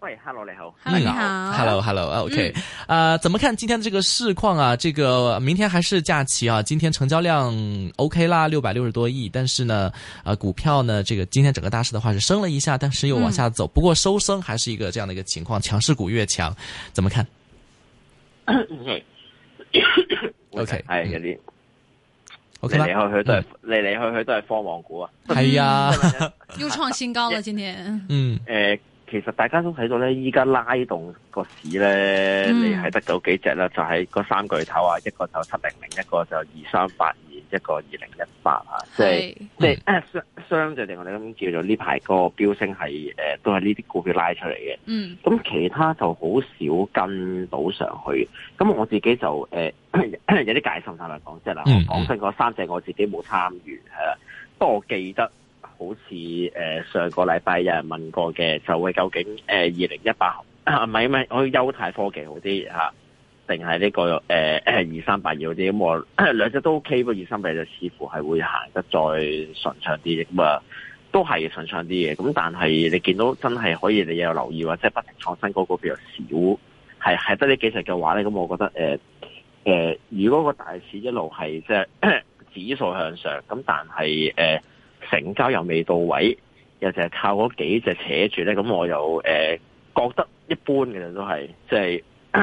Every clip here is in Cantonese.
喂，Hello，你好。你好，Hello，Hello，OK，呃，怎麼看今天的這個市況啊？這個明天還是假期啊？今天成交量 OK 啦，六百六十多億。但是呢，呃，股票呢，這個今天整個大市的話是升了一下，但是又往下走。不過收升還是一個這樣的一個情況，強勢股越強，怎麼看？OK，OK，係有啲，OK，來來去去都係來來去去都係科網股啊。係啊，又創新高了今天。嗯，誒。其實大家都睇到咧，依家拉動個市咧，嗯、你係得到幾隻啦？就係、是、嗰三巨頭啊，一個就七零零，一個就二三八二，一個二零一八啊，即係即係相相對我哋咁叫做呢排個飆升係誒、呃，都係呢啲股票拉出嚟嘅。嗯，咁其他就好少跟到上去。咁我自己就誒、呃、有啲戒心坦白講，即係嗱，講真嗰三隻我自己冇參與吓，不過我記得。好似誒、呃、上個禮拜有人問過嘅，就會究竟誒二零一八唔係唔係，我優泰科技好啲嚇，定係呢個誒、呃、二三八二好啲？咁、嗯、我兩隻都 OK，不過二三八二似乎係會行得再順暢啲，咁、嗯、啊都係順暢啲嘅。咁但係你見到真係可以，你有留意或即係不停創新嗰、那個比較少，係得呢幾隻嘅話咧，咁我覺得誒、呃呃、如果個大市一路係即係指數向上，咁但係誒。呃成交又未到位，又淨係靠嗰幾隻扯住咧，咁我又誒、呃、覺得一般嘅，都係即係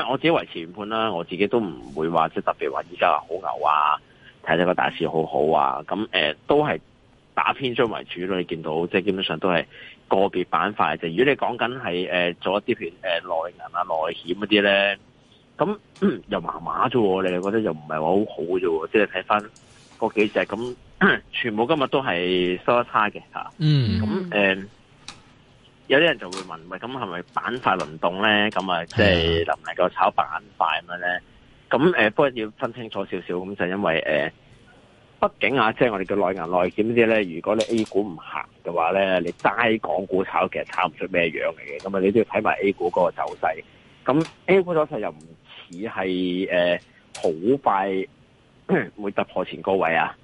我自己維持原判啦。我自己都唔會話即係特別話依家話好牛啊，睇到個大市好好啊，咁誒、呃、都係打篇章為主咯。你見到即係基本上都係個別板塊就如果你講緊係做一啲譬如內銀啊、內險嗰啲咧，咁又麻麻啫喎。你又覺得又唔係話好好啫喎。即係睇翻嗰幾隻咁。全部今日都係收得差嘅吓，咁誒、mm hmm. 呃，有啲人就會問，喂，咁係咪板塊輪動咧？咁啊，即係、就是、能唔能夠炒板塊咁樣咧？咁誒、呃，不過要分清楚少少，咁就因為誒，畢、呃、竟啊，即、就、係、是、我哋叫內銀內險啲咧，如果你 A 股唔行嘅話咧，你齋港股炒，其實炒唔出咩樣嚟嘅。咁啊，你都要睇埋 A 股嗰個走勢。咁 A 股走勢又唔似係誒好快會突破前高位啊。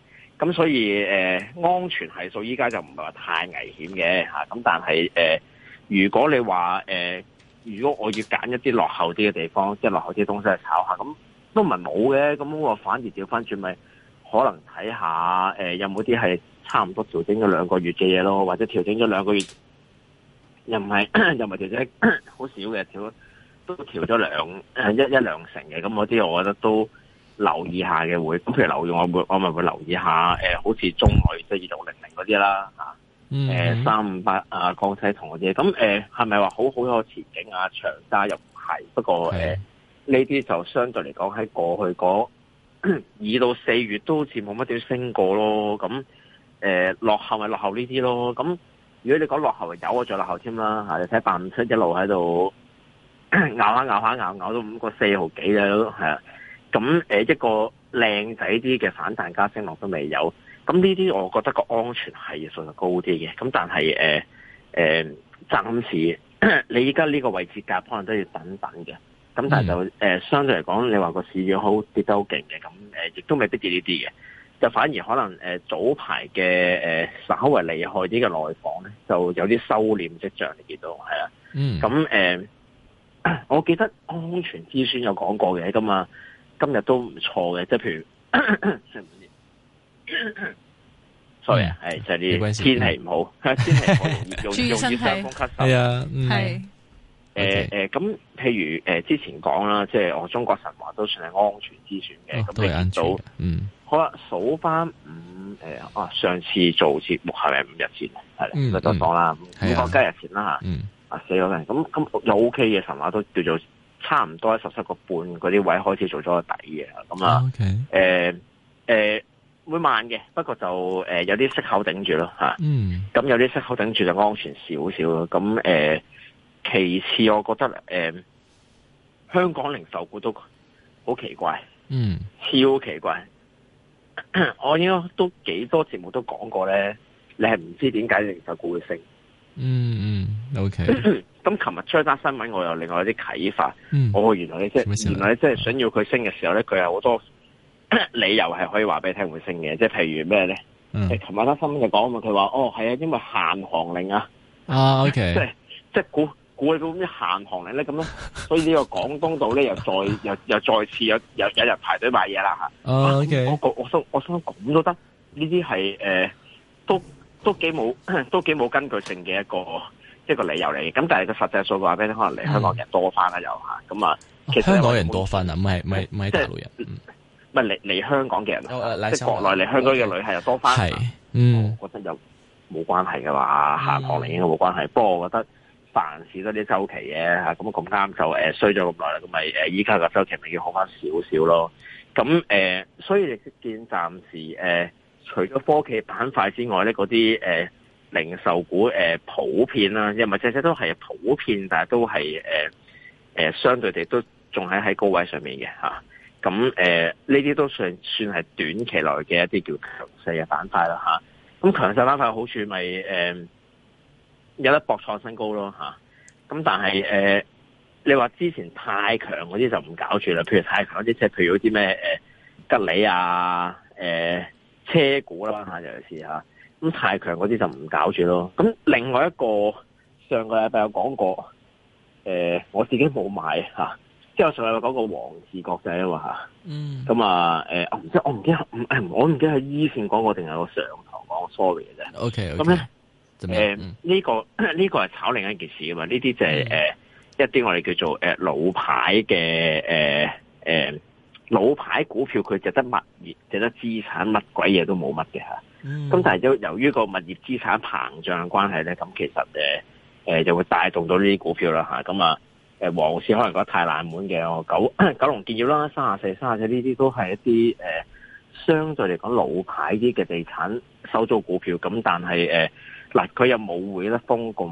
咁所以誒、呃、安全係數依家就唔係話太危險嘅吓咁，啊、但係誒、呃、如果你話誒、呃，如果我要揀一啲落後啲嘅地方，即、就、係、是、落後啲東西去炒下，咁、嗯、都唔係冇嘅。咁、嗯、我反而調翻轉咪可能睇下誒有冇啲係差唔多調整咗兩個月嘅嘢咯，或者調整咗兩個月又唔係 又唔係調整好 少嘅調都調咗兩一一兩成嘅，咁嗰啲我覺得都。留意下嘅會，咁譬如留意我會，我咪會留意下、呃、好似中鋁即係二六零零嗰啲啦、mm hmm. 呃、三五八啊，江西銅嗰啲，咁係咪話好好有前景啊？長揸又唔係，不過呢啲、呃 mm hmm. 就相對嚟講喺過去嗰二到四月都好似冇乜點升過咯，咁、呃、落後咪落後呢啲咯，咁如果你講落後就有，我有落後啊，再落後添啦嚇，你睇八五七，一路喺度咬下、啊、咬下、啊、咬、啊、咬到、啊啊、五個四毫幾嘅都係啊！咁一個靚仔啲嘅反彈加升浪都未有，咁呢啲我覺得個安全係數就高啲嘅。咁但係誒、呃呃、暫時 你依家呢個位置價，可能都要等等嘅。咁但係就誒、呃、相對嚟講，你話個市況好跌得好勁嘅，咁亦、呃、都未必跌呢啲嘅，就反而可能誒、呃、早排嘅誒稍為厲害啲嘅內房咧，就有啲收斂跡象你見到係啦。嗯。咁、呃、誒，我記得安全之孫有講過嘅㗎嘛。今日都唔錯嘅，即係譬如，sorry 啊，係就係啲天氣唔好，天氣好容易容易傷風咳嗽。係啊，係。誒誒，咁譬如誒之前講啦，即係我中國神話都算係安全之選嘅，咁都係安好啦，數翻五誒，啊，上次做節目係咪五日前？係啦，咁就當啦，五國加日前啦吓。啊，四個零，咁咁又 OK 嘅神話都叫做。差唔多喺十七個半嗰啲位開始做咗個底嘅，咁啊，誒誒、oh, okay. 呃呃、會慢嘅，不過就誒、呃、有啲息口頂住咯吓，咁、啊 mm. 有啲息口頂住就安全少少咯。咁誒、呃，其次我覺得誒、呃，香港零售股都好奇怪，嗯，mm. 超奇怪， 我應該都幾多節目都講過咧，你係唔知點解零售股會升？嗯嗯， 嗯，OK。咁琴日出一單新聞，我又另外有啲啟發。嗯、哦，原來咧即係原來即係想要佢升嘅時候咧，佢有好多理由係可以話俾你聽會升嘅。即係譬如咩咧？嗯，琴日單新聞就講啊嘛，佢話哦係啊，因為限行令啊。啊，OK 即。即係即係鼓啲咩限行令咧，咁咧，所以呢個廣東道咧又再又 又再次有有有人排隊買嘢啦吓。啊、o、okay. k、嗯、我我我想我想咁都得，呢啲係誒都。都幾冇，都幾冇根據性嘅一個一個理由嚟嘅。咁但係個實際數據話俾你，可能嚟香港人多翻啦，又嚇。咁啊，其實香港人多翻啊，唔係唔係唔係大陸人，唔係嚟嚟香港嘅人啊，即係國內嚟香港嘅旅客又多翻。係，嗯，我覺得又冇關係嘅話，下行嚟應該冇關係。不過我覺得凡事嗰啲周期嘅嚇，咁咁啱就誒衰咗咁耐啦，咁咪誒依家個周期咪要好翻少少咯。咁誒，所以見暫時誒。除咗科技板塊之外咧，嗰啲誒零售股誒、呃、普遍啦，因為隻隻都係普遍，但係都係誒誒相對地都仲喺喺高位上面嘅吓。咁誒呢啲都算算係短期內嘅一啲叫強勢嘅板塊啦吓。咁強勢板塊嘅好處咪、就、誒、是呃、有得博創新高咯吓。咁、啊、但係誒、呃、你話之前太強嗰啲就唔搞住啦，譬如太強嗰啲即係譬如啲咩誒吉利啊誒。呃車股啦嚇，尤其是嚇。咁太強嗰啲就唔搞住囉。咁另外一個上個禮拜有講過，誒、呃、我自己冇買嚇，即、啊、係我上個禮拜講過黃氏國際啊嘛嚇，嗯、啊，咁啊誒、啊，我唔知、嗯、我唔知，誒我唔知喺依線講過定係我上堂講 sorry 嘅啫。OK，咁 okay ,咧呢樣、呃呢個呢 個係炒另一件事㗎嘛，呢啲就係、是、誒、嗯呃、一啲我哋叫做誒、呃、老牌嘅誒、呃呃老牌股票佢值得物業、值得資產沒的，乜鬼嘢都冇乜嘅嚇。咁但係就由於個物業資產膨脹嘅關係咧，咁其實誒誒、呃、就會帶動到呢啲股票啦嚇。咁啊誒，黃、呃、氏可能覺得太冷門嘅，九九龍建業啦、三啊、四、呃、三啊、四呢啲都係一啲誒相對嚟講老牌啲嘅地產收租股票。咁但係誒嗱，佢、呃、又冇會得瘋咁誒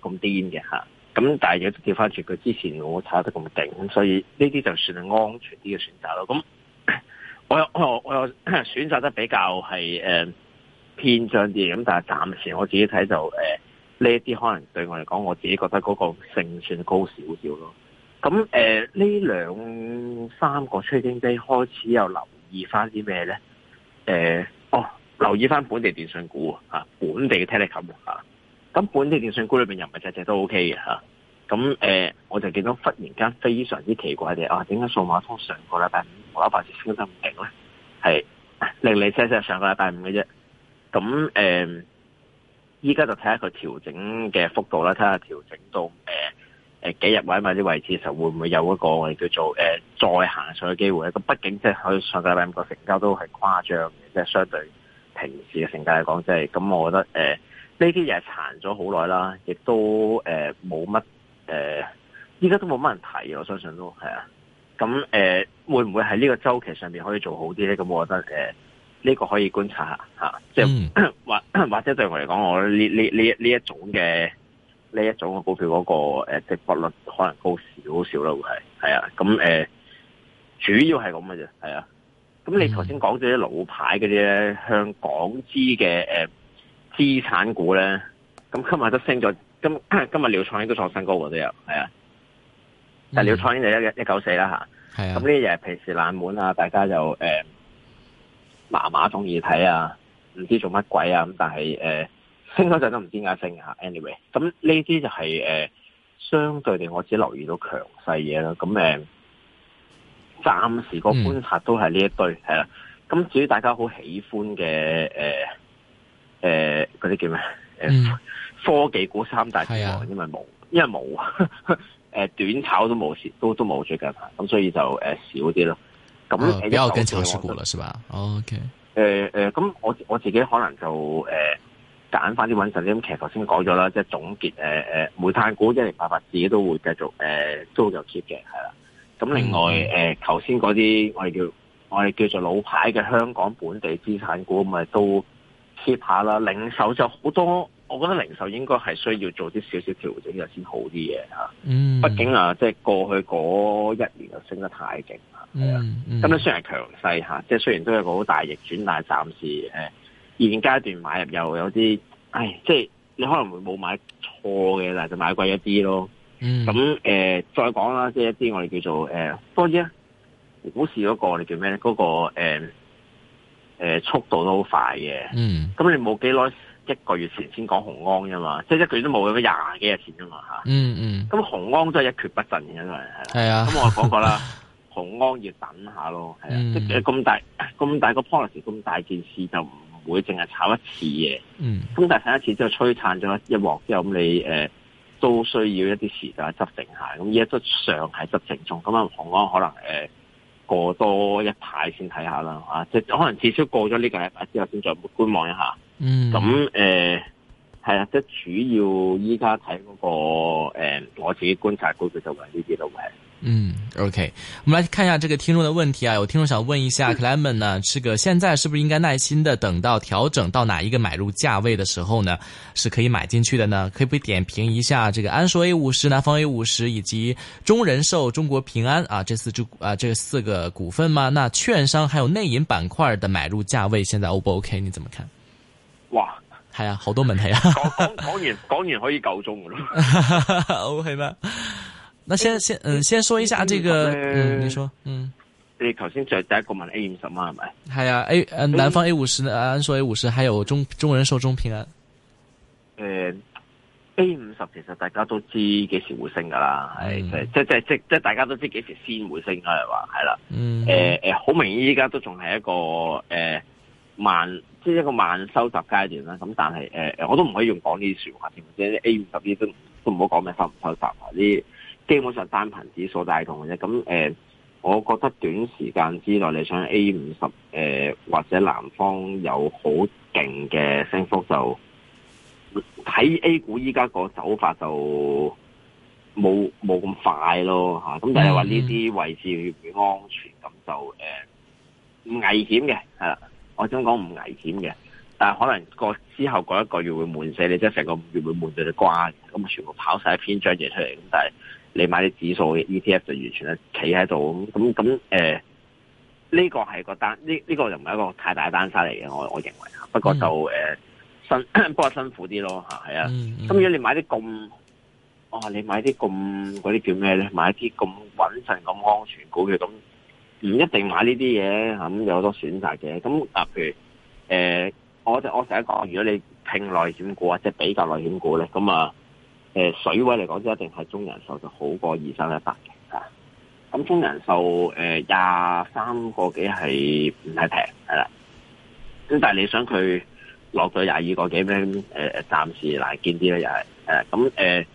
咁癲嘅嚇。呃咁但係如果叫翻住佢之前我炒得咁頂，所以呢啲就算係安全啲嘅選擇咯。咁我我我選擇得比較係誒偏張啲，咁但係暫時我自己睇就誒呢一啲可能對我嚟講，我自己覺得嗰個勝算高少少咯。咁誒呢兩三個追星仔開始又留意翻啲咩咧？誒、呃、哦，留意翻本地電信股啊，本地嘅 telecom、啊咁本地電訊股裏面又唔係隻隻都 O K 嘅吓，咁誒我就見到忽然間非常之奇怪嘅，啊點解數碼通個靈靈靈靈靈上個禮拜五嗰一筆成交咁勁咧？係零零舍舍上個禮拜五嘅啫，咁誒依家就睇下佢調整嘅幅度啦，睇下調整到、呃、幾日或者某啲位置嘅時候會唔會有一個我哋叫做、呃、再行上嘅機會。咁畢竟即係佢上個禮拜五個成交都係誇張嘅，即係相對平時嘅成交嚟講，即係咁，我覺得誒。呃呢啲嘢係殘咗好耐啦，亦都誒冇乜誒，依、呃、家、呃、都冇乜人提，我相信都係啊。咁誒、呃、會唔會喺呢個周期上面可以做好啲咧？咁我覺得誒呢、呃這個可以觀察下嚇、啊，即係或、嗯、或者對我嚟講，我呢呢呢呢一種嘅呢一種嘅股票嗰個誒值博、呃、率可能高少少咯，會係係啊。咁誒、呃、主要係咁嘅啫，係啊。咁你頭先講咗啲老牌嗰啲咧，向港資嘅誒。呃資產股咧，咁今日都升咗，今今日遼創應該都創新高喎都有，係啊，但係遼創就一一九四啦吓，咁呢啲嘢，啊、平時冷門啊，大家就誒麻麻中意睇啊，唔知做乜鬼啊，咁但係誒、呃、升嗰陣都唔知點解升啊，anyway，咁呢啲就係、是、誒、呃、相對地，我只留意到強勢嘢啦，咁誒暫時個觀察都係呢一堆，係啦、嗯、咁、啊、至於大家好喜歡嘅誒。呃誒，嗰啲、呃、叫咩？誒、嗯，科技股三大天王，因為冇，啊、因為冇，誒、 呃，短炒都冇事，都都冇最近，咁所以就誒、呃嗯、少啲咯。咁比較跟炒市股啦，是吧？O K，誒誒、咁、哦 okay 呃呃、我我自己可能就誒揀翻啲穩陣啲。咁、呃、其實頭先講咗啦，即係總結。誒、呃、誒，煤炭股一零八八，自己都會繼續誒、呃、都有 keep 嘅，係啦。咁另外誒，頭先嗰啲我哋叫我哋叫做老牌嘅香港本地資產股，咁咪都。貼下啦，零售就好多，我覺得零售應該係需要做啲少少調整嘅先好啲嘢。吓、嗯，畢竟啊，即、就、係、是、過去嗰一年就升得太勁啦，係、嗯嗯、啊，咁咧雖然強勢吓，即、啊、係雖然都有個好大逆轉，但係暫時誒、呃，現階段買入又有啲，唉，即、就、係、是、你可能會冇買錯嘅，但係就買貴一啲咯。咁誒、嗯呃，再講啦，即、就、係、是、一啲我哋叫做誒，多啲啊，股市嗰、那個你叫咩咧？嗰、那個誒。呃誒速度都好快嘅，嗯，咁你冇幾耐一個月前先講紅安啫嘛，即、就、係、是、一個月都冇咗廿幾日前啫嘛吓，嗯嗯，咁、嗯、紅安都係一蹶不振嘅，因為係啊，咁的的我講過啦，紅 安要等下咯，係啊，嗯、即係咁大咁大個 policy 咁大件事就唔會淨係炒一次嘅，嗯，咁但係炒一次之後吹散咗一鑊之後，咁你誒、呃、都需要一啲時間執整下，咁而家都尚係執整中，咁啊紅安可能、呃過多一排先睇下啦，啊，即係可能至少過咗呢個禮拜之後先再觀望一下。嗯，咁誒，係、呃、啊，即係主要依家睇嗰個誒、呃，我自己觀察嗰個就係呢啲都係。嗯，OK，我們來看一下這個聽眾的問題啊。有聽眾想問一下，嗯、克萊門呢，這個現在是不是應該耐心的等到調整到哪一個買入價位的時候呢，是可以買進去的呢？可以不點評一下這個安碩 A 五十、南方 A 五十以及中人壽、中國平安啊這四隻啊這四個股份嗎？那券商還有內銀板塊的買入價位現在 O 不 OK？你怎麼看？哇，哎呀，好多問題啊！講講講完，講完可以夠鐘了，OK 嗎？ 那先先、嗯、先說一下這個，嗯嗯、你說，嗯，你頭先就第一個問 A 五十嘛係咪？係啊，A，南方 A 五十，安說 A 五十，還有中中國人壽、中平安、啊。誒、呃、A 五十其實大家都知幾時會升噶啦，係即係即係即即係大家都知幾時先會升嘅話，係啦。嗯。誒誒、呃，好明顯依家都仲係一個誒、呃、慢，即係一個慢收集階段啦。咁但係誒、呃、我都唔可以用講呢啲說話，A 五十啲都都唔好講咩收唔收集啲。基本上單憑指數帶動嘅啫，咁誒、呃，我覺得短時間之內你想 A 五十誒或者南方有好勁嘅升幅就睇 A 股依家個走法就冇冇咁快咯嚇，咁但係話呢啲位置要安全咁就誒唔、呃、危險嘅係啦，我想講唔危險嘅，但係可能過之後嗰一個月會悶死你，即係成個月會悶死你關，咁全部跑晒一篇張嘢出嚟，咁但係。你買啲指數嘅 ETF 就完全咧企喺度咁咁咁呢個係個單呢呢、呢個就唔係一個太大單沙嚟嘅，我我認為啊。不過就誒辛不過辛苦啲咯係啊。咁、嗯嗯、如果你買啲咁啊，你買啲咁嗰啲叫咩咧？買啲咁穩陣、咁安全股票咁，唔一定買呢啲嘢咁有好多選擇嘅。咁啊、呃，譬如誒、呃，我我成日講，如果你拼內險股或者比較內險股咧，咁啊。誒水位嚟講，即一定係中人壽就好過二三一八嘅嚇。咁中人壽誒廿三個幾係唔係平係啦。咁、呃、但係你想佢落咗廿二個幾咧？誒、呃、暫時難見啲咧，又係誒咁誒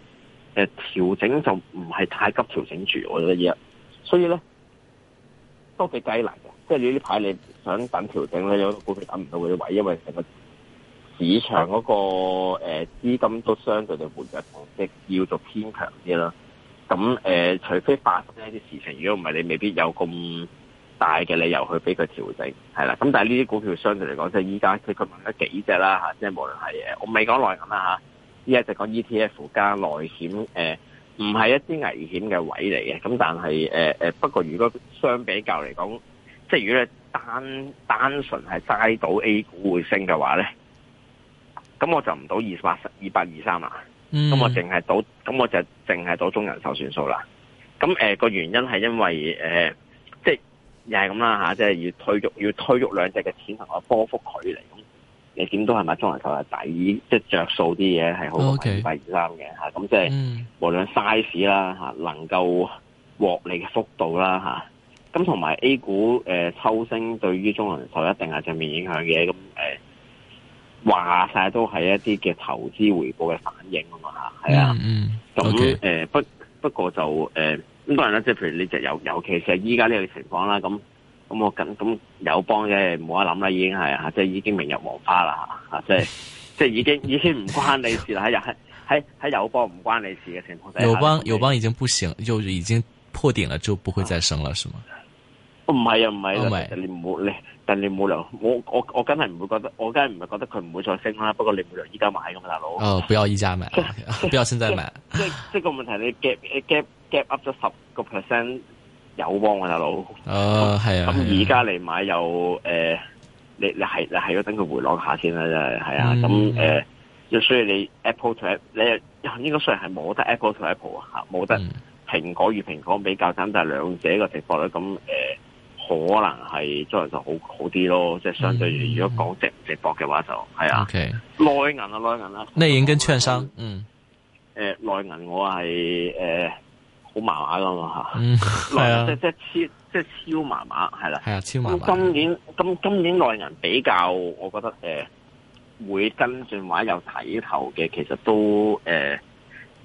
誒調整就唔係太急調整住我覺得而家。所以咧都幾難嘅，即係你呢排你想等調整咧，有機會等唔到嗰啲位，因為成個。市場嗰個資金都相對地活躍同力，即、要做偏強啲啦。咁、呃、除非發生一啲事情，如果唔係，你未必有咁大嘅理由去俾佢調整，係啦。咁但係呢啲股票相對嚟講，即係依家佢佢問咗幾隻啦即係無論係我未講內銀啦吓，依家就講 ETF 加內險唔係、呃、一啲危險嘅位嚟嘅。咁但係誒、呃、不過如果相比較嚟講，即係如果你單單純係齋到 A 股會升嘅話咧。咁我就唔賭二十八、二百二三、嗯呃，因因呃、啊，咁我淨係賭，咁我就淨係賭中人壽算數啦。咁誒個原因係因為誒，即係又係咁啦吓，即係要推足，要推足兩隻嘅潛能同埋波幅距離。你點都係咪中人壽係抵，即係着數啲嘢係好過二百二三嘅嚇。咁即係無論 size 啦、啊、嚇，能夠獲利嘅幅度啦吓，咁同埋 A 股誒抽升對於中人壽一定係正面影響嘅，咁誒。啊話晒都係一啲嘅投資回報嘅反應咁嘛吓，係啊，咁誒不 OK 不過就誒，咁當然啦，即係譬如你就尤尤其是依家呢個情況啦，咁咁我咁咁友邦嘅冇得諗啦，已經係即係已經明日黃花啦吓，即係即係已經已經唔關，關你事啦，喺喺喺喺友邦唔關你事嘅情況底下，友邦友邦已經不行，就已經破頂啦，就不會再升啦，嗯、是嗎？唔係啊，唔係、啊 oh my.，但你冇，你但你冇量，我我我梗係唔會覺得，我梗係唔係覺得佢唔會再升啦。不過你唔冇量依家買噶嘛、啊，大佬。啊，oh，不要依家買， 不要現在買。即即 個問題你 g ap, g ap, g ap，你 gap gap gap up 咗十個 percent 友邦啊，大佬。Oh，啊，係、嗯呃、啊。咁而家嚟買又誒，你你係你係要等佢回落下先啦，真係係啊。咁誒，要所以你 Apple to Apple，呢呢個雖然係冇得 Apple to Apple 啊嚇，冇得蘋果與蘋果比較，但係兩者嘅情況咧。咁誒。呃可能係即係就好好啲咯，即係相對於如果講值唔值博嘅話就係、嗯、啊，內銀啊內銀啊，內銀、啊、跟券商，嗯，誒內銀我係誒好麻麻噶嘛吓，係、嗯、內銀啊，即即超即，即超麻麻係啦，係啊，啊超麻今。今年今今年內銀比較，我覺得誒、呃、會跟進話有睇頭嘅，其實都誒誒、呃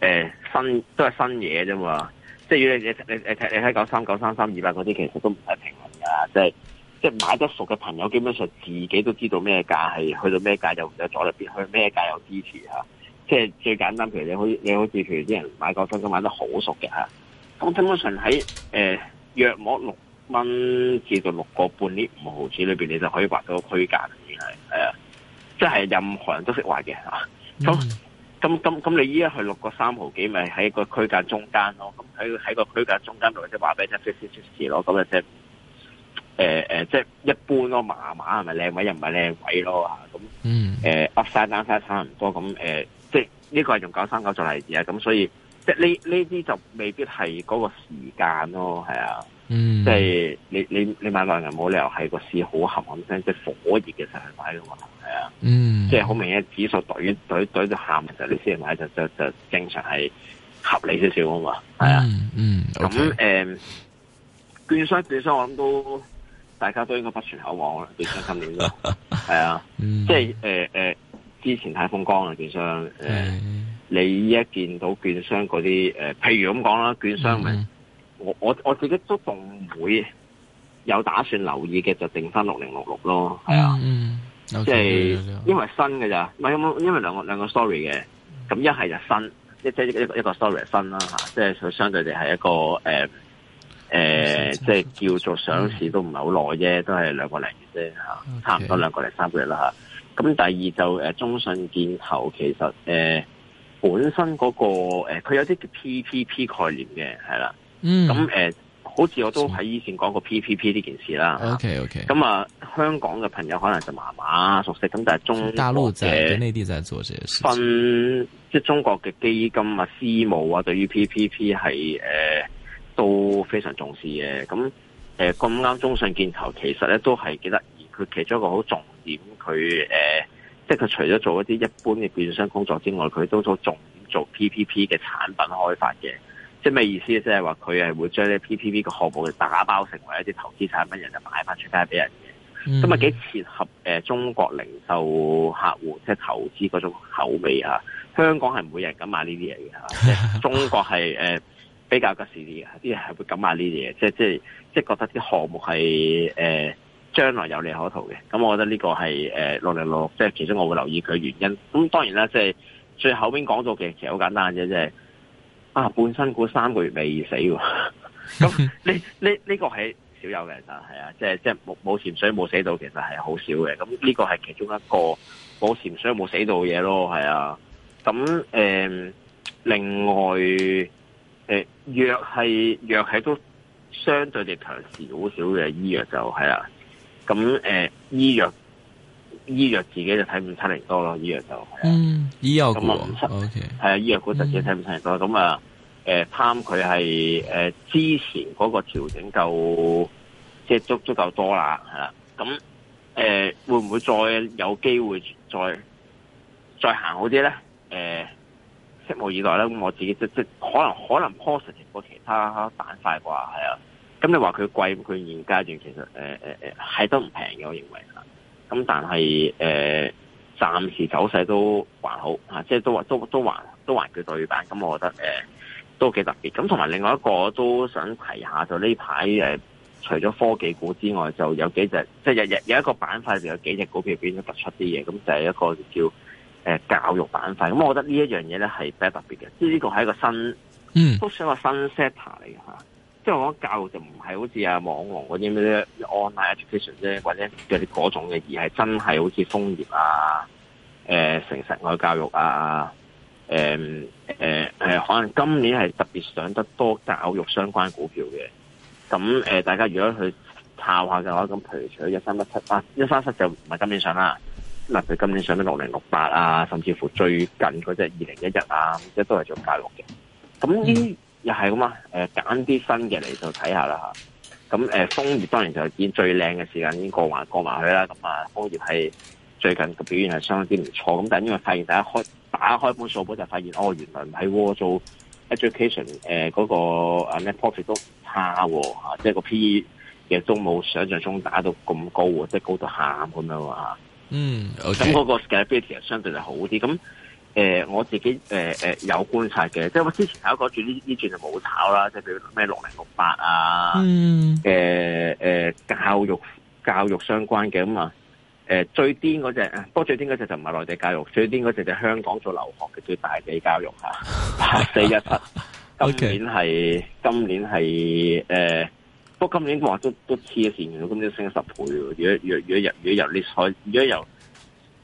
呃、新都係新嘢啫嘛。即係如果你你你睇你睇九三九三三二八嗰啲，其實都唔係平。啊，即係即係買得熟嘅朋友，基本上自己都知道咩價係去到咩價，又唔使阻入邊，去咩價又支持吓。即係最簡單，譬如你好你好似譬如啲人買個基金買得好熟嘅吓，咁通常喺誒約摸六蚊至到六個半呢五毫子裏邊，你就可以畫到個區間，而係係啊，即係任何人都識畫嘅吓。咁咁咁咁，你依家去六個三毫幾，咪喺個區間中間咯。咁喺喺個區間中間度，或者畫俾一少少少少咯，咁嘅啫。誒誒、呃呃，即係一般咯，麻麻係咪靚位又唔係靚位咯，咁誒、嗯呃、，upside down side 差唔多咁，誒、呃，即係呢個係用九三九做例子啊，咁、嗯、所以即係呢呢啲就未必係嗰個時間咯，係啊，嗯、即係你你你買內銀冇理由係個市好冚冚聲，即係火熱嘅時候買嘅問係啊，嗯啊嗯，嗯，即係好明顯指數懟懟懟就喊嘅時候你先買就就就正常係合理少少啊嘛，係啊 okay.、呃，嗯，咁誒，券商，券商我諗都。大家都應該不存厚望啦，券商今年咯，係 啊，嗯、即係誒誒，之前太風光啦，券商誒，呃嗯、你一見到券商嗰啲誒，譬如咁講啦，券商咪、就是，嗯、我我我自己都仲會有打算留意嘅，就定翻六零六六咯，係啊，嗯、即係是因為新嘅咋，唔係冇，因為兩個兩個 story 嘅，咁一係就新，即係一個一,一,一個 story 新啦吓、啊，即係佢相對地係一個誒。啊誒，呃、是即係叫做上市都唔係好耐啫，嗯、都係兩個零月啫吓，差唔多兩個零三個月啦吓。咁 Okay. 第二就誒，中信建投其實誒、呃、本身嗰、那個誒，佢、呃、有啲叫 P P P 概念嘅係啦。嗯。咁誒、嗯，好似我都喺以前講過 P P P 呢件事啦。O K O K。咁啊，香港嘅朋友可能就麻麻熟悉，咁但係中大陸嘅內地在做嘅分，即係中國嘅基金啊、私募啊，對於 P P P 係誒。都非常重視嘅，咁咁啱中信建投其實咧都係幾得意，佢其中一個好重點，佢、呃、即係佢除咗做一啲一般嘅券商工作之外，佢都好重點做 PPP 嘅產品開發嘅，即係咩意思呢？即係話佢係會將啲 PPP 嘅項目打包成為一啲投資產品人人，人就買翻出街俾人嘅，咁啊幾切合、呃、中國零售客戶即係投資嗰種口味啊！香港係冇人敢買呢啲嘢嘅，中國係比較及時啲嘅，啲人係會敢買呢啲嘢，即係即係即係覺得啲項目係誒將來有利可圖嘅。咁我覺得呢個係誒六零六即係其中我會留意佢原因。咁當然啦，即係最後邊講到嘅，其實好簡單啫，即係啊，半新股三個月未死喎。咁呢呢呢個係少有嘅，其實係啊，即係即係冇冇潛水冇死到，其實係好少嘅。咁呢個係其中一個冇潛水冇死到嘅嘢咯，係啊。咁誒、呃，另外。誒，藥係藥係都相對地強勢好少嘅醫藥就係啦，咁誒、呃、醫藥醫藥自己就睇唔出嚟多咯，醫藥就係啦、嗯，醫藥股，係啊，醫藥股實際睇唔出嚟多，咁啊，誒、呃，貪佢係誒之前嗰個調整夠，即係足足夠多啦，係啦，咁誒、呃、會唔會再有機會再再行好啲咧？誒、呃？拭目以待啦！咁我自己即即可能可能 positive 過其他板塊啩，係啊。咁你話佢貴，佢現階段其實係、呃呃、都唔平嘅，我認為啦，咁但係、呃、暫時走勢都還好、啊、即係都都都還都還佢對板。咁我覺得誒、呃、都幾特別。咁同埋另外一個我都想提下就呢排誒除咗科技股之外，就有幾隻即係日日有一個板塊就有幾隻股票變咗突出啲嘢，咁就係一個叫。誒教育板塊，咁我覺得呢一樣嘢咧係比較特別嘅，即係呢個係一個新，都算一個新 setter 嚟嘅吓。即係我講教育就唔係好似啊網龍嗰啲咩 online education 啫，或者有啲嗰種嘅，而係真係好似楓葉啊、成實外教育啊、呃呃呃、可能今年係特別上得多教育相關股票嘅。咁、呃、大家如果去抄下嘅話，咁譬如除咗一三一七啊，一三七就唔係今年上啦。嗱，佢今年上咗六零六八啊，甚至乎最近嗰隻二零一一日啊，即係都係做教育嘅。咁呢又係咁啊？誒、嗯，揀啲、呃、新嘅嚟就睇下啦嚇。咁誒，楓、呃、葉當然就係見最靚嘅時間已經過埋過埋去啦。咁啊，楓葉係最近嘅表現係相當之唔錯。咁但係因為發現大家開打開本數本就發現，哦，原來喺沃做 education 誒、呃、嗰、那個 net、啊那個、profit 都唔差喎、啊啊、即係個 PE 嘅都冇想象中打到咁高喎，即係高到喊咁樣啊！啊嗯，咁、okay、嗰個 scalability 係相對就好啲，咁誒、呃，我自己誒有觀察嘅，即係我之前炒過住呢轉就冇炒啦，即係譬如咩六零六八啊，嗯，誒、呃呃、教育教育相關嘅咁啊，誒、呃、最癲嗰隻，不過最癲嗰隻就唔係內地教育，最癲嗰隻就香港做留學嘅最大嘅教育八四一七，今年係今年係。誒、呃。不過今年話都都黐咗線，今年都升咗十倍。如果如果如果，如果由如果開，如果由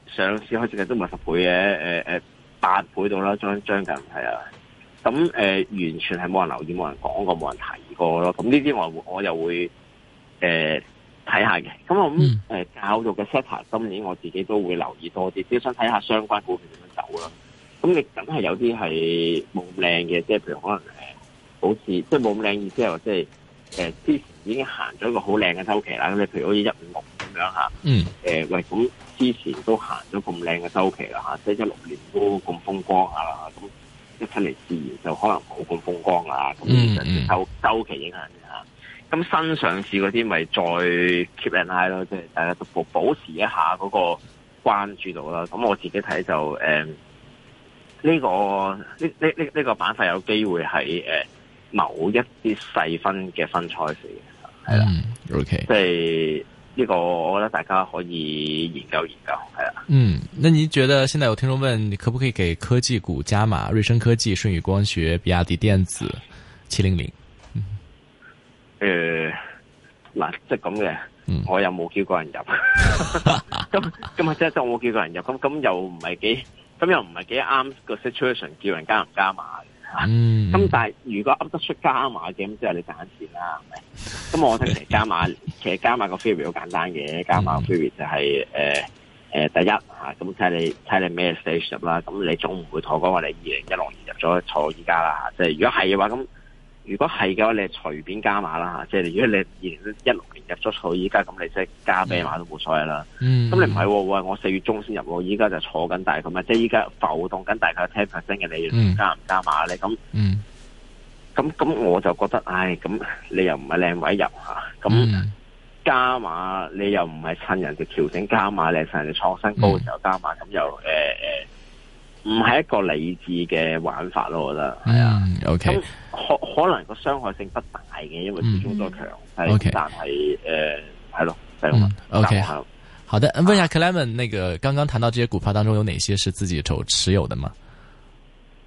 上市開始嘅都唔係十倍嘅，誒誒八倍到啦，將將近係啊。咁誒、呃、完全係冇人留意，冇人講過，冇人提過咯。咁呢啲我我又會誒睇、呃、下嘅。咁我咁誒教育嘅 setter 今年我自己都會留意多啲，只想睇下相關股票點樣走啦。咁你梗係有啲係冇咁靚嘅，即係譬如可能誒，好似即係冇咁靚，意思係話即係。就是誒、呃，之前已經行咗一個好靚嘅周期啦，咁你譬如好似一五六咁樣吓，誒、mm. 呃，喂，咁之前都行咗咁靚嘅周期啦吓，即係一六年都咁風光啊，咁一七年自然就可能冇咁風光啊，咁就受周期影響嘅吓，咁、mm hmm. 新上市嗰啲咪再 keep an eye 咯，即係大家都保保持一下嗰個關注度啦。咁我自己睇就誒，呢、嗯，這個呢呢呢呢個板塊有機會係誒。呃某一啲細分嘅分賽事係啦，OK，即係呢個，我覺得大家可以研究研究，係啦。嗯，的那你覺得現在有聽眾問，你可唔可以給科技股加碼？瑞聲科技、舜宇光學、比亞迪電子、七零零。誒、呃，嗱，即係咁嘅，嗯、我又冇叫過人入，咁咁咪即係我冇叫過人入，咁咁又唔係幾，咁又唔係幾啱個 situation 叫人加唔加碼？嗯，咁、嗯、但係如果噏得出加碼嘅，咁即係你賺錢啦，係咪？咁我聽日加碼，其實加碼個 fee 好簡單嘅，加碼 fee 就係、是、誒、呃呃、第一咁睇、啊、你睇你咩 stage 入啦，咁你總唔會妥講話你二零一六年入咗坐依家啦，即係如果係嘅話咁。如果係嘅話，你係隨便加碼啦吓，即係如果你二零一六年入咗去，依家咁你即係加咩碼都冇所謂啦。咁、嗯嗯、你唔係、哦，我四月中先入，喎。依家就坐緊大咁啊！即係依家浮動緊，大概 percentage 嘅你、嗯、加唔加碼咧？咁咁咁我就覺得，唉，咁你又唔係靚位入吓，咁加碼、嗯、你又唔係趁人哋調整加碼，你趁人哋創新高嘅時候加碼，咁又誒誒。呃呃唔係一個理智嘅玩法咯，我覺得係啊。OK，可可能個傷害性不大嘅，因為中多強係，嗯 okay、但係誒係咯，係、呃、咯。OK，好好的，啊、問一下 Clayman，那個剛剛談到這些股票當中，有哪些是自己持持有的嗎？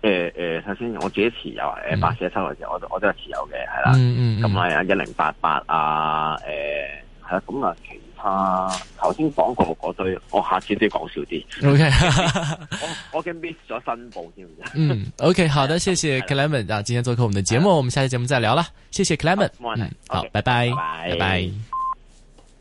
誒誒、呃呃，首先我自己持有誒，八四、呃、捨七嚟，就我我都係持有嘅，係啦。咁嗯，嗯，嗯啊，一零八八啊，誒，係、嗯、啦，咁、嗯、啊。啊，頭先講過嗰堆，我下次都要講少啲。O Okay . K， 我我已經 miss 咗新報添。知唔知 嗯，O、okay, K，好的，謝謝 Clement 啊，今天做客我們的節目， 我們下期節目再聊啦，謝謝 Clement 好，拜拜，拜拜。